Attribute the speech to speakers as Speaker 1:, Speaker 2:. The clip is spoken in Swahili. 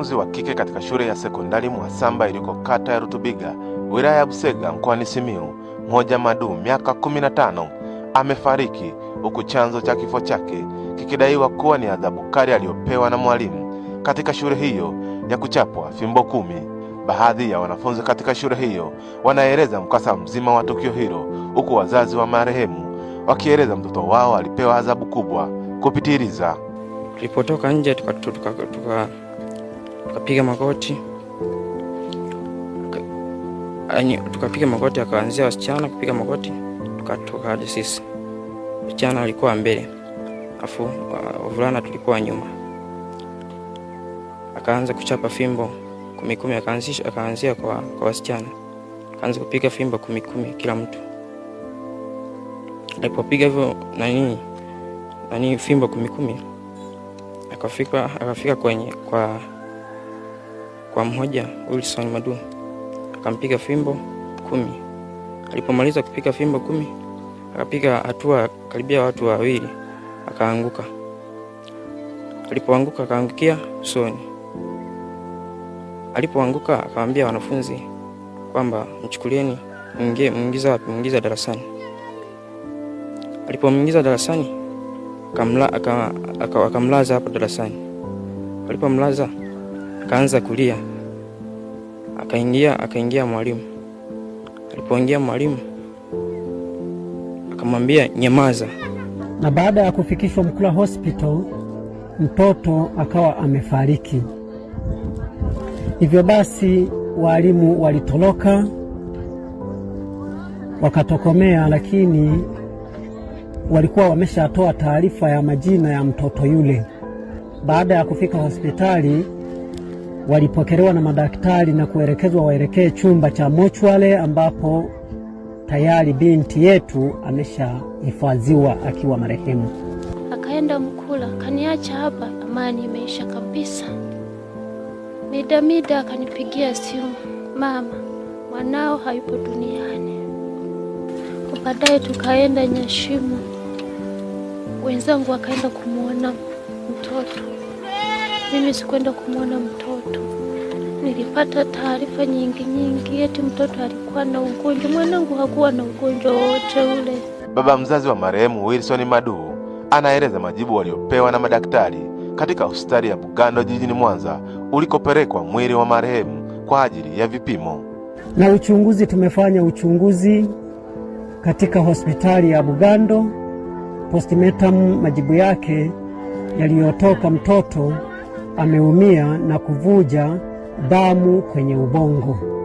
Speaker 1: Mwanafunzi wa kike katika shule ya sekondari Mwasamba iliko kata ya Rutubiga, wilaya ya Busega, mkoani Simiyu, Mhoja Madu, miaka 15, amefariki huku chanzo cha kifo chake kikidaiwa kuwa ni adhabu kali aliyopewa na mwalimu katika shule hiyo ya kuchapwa fimbo kumi. Baadhi ya wanafunzi katika shule hiyo wanaeleza mkasa mzima wa tukio hilo, huku wazazi wa marehemu wakieleza mtoto wao alipewa adhabu kubwa kupitiliza.
Speaker 2: Tulipotoka nje tukatoka tuka, tuka tukapiga magoti tukapiga magoti, akaanzia wasichana kupiga magoti, tukatoka hadi sisi. Wasichana walikuwa mbele, afu uh, wavulana tulikuwa nyuma. Akaanza kuchapa fimbo kumikumi, akaanzisha akaanzia kwa, kwa wasichana, akaanza kupiga fimbo kumikumi kila mtu. Alipopiga hivyo nani nani fimbo kumikumi, akafika akafika kwenye kwa mmoja Wilson Madu akampiga fimbo kumi. Alipomaliza kupiga fimbo kumi, akapiga hatua karibia watu wawili, akaanguka. Alipoanguka akaangukia usoni. Alipoanguka akawaambia wanafunzi kwamba mchukulieni, mwingiza wapi? Mwingiza darasani. Alipomwingiza darasani akamla, akamlaza hapo darasani. Alipomlaza akaanza kulia akaingia akaingia mwalimu. Alipoingia mwalimu akamwambia nyamaza,
Speaker 3: na baada ya kufikishwa Mkula hospital mtoto akawa amefariki. Hivyo basi walimu walitoroka wakatokomea, lakini walikuwa wameshatoa taarifa ya majina ya mtoto yule. Baada ya kufika hospitali walipokelewa na madaktari na kuelekezwa waelekee chumba cha mochwale ambapo tayari binti yetu ameshahifadhiwa akiwa marehemu.
Speaker 4: Akaenda Mkula, kaniacha hapa, amani imeisha kabisa. Mida mida akanipigia simu, mama, mwanao hayupo duniani. Baadaye tukaenda Nyashimu, wenzangu wakaenda kumwona mtoto, mimi sikwenda kumwona mtoto tatu nilipata taarifa nyingi nyingi, eti mtoto alikuwa na ugonjwa. Mwanangu hakuwa na ugonjwa wowote ule.
Speaker 1: Baba mzazi wa marehemu Wilson Maduu anaeleza majibu waliopewa na madaktari katika hospitali ya Bugando jijini Mwanza ulikopelekwa mwili wa marehemu kwa ajili ya vipimo
Speaker 3: na uchunguzi. Tumefanya uchunguzi katika hospitali ya Bugando postmortem, majibu yake yaliyotoka mtoto ameumia na kuvuja damu kwenye ubongo.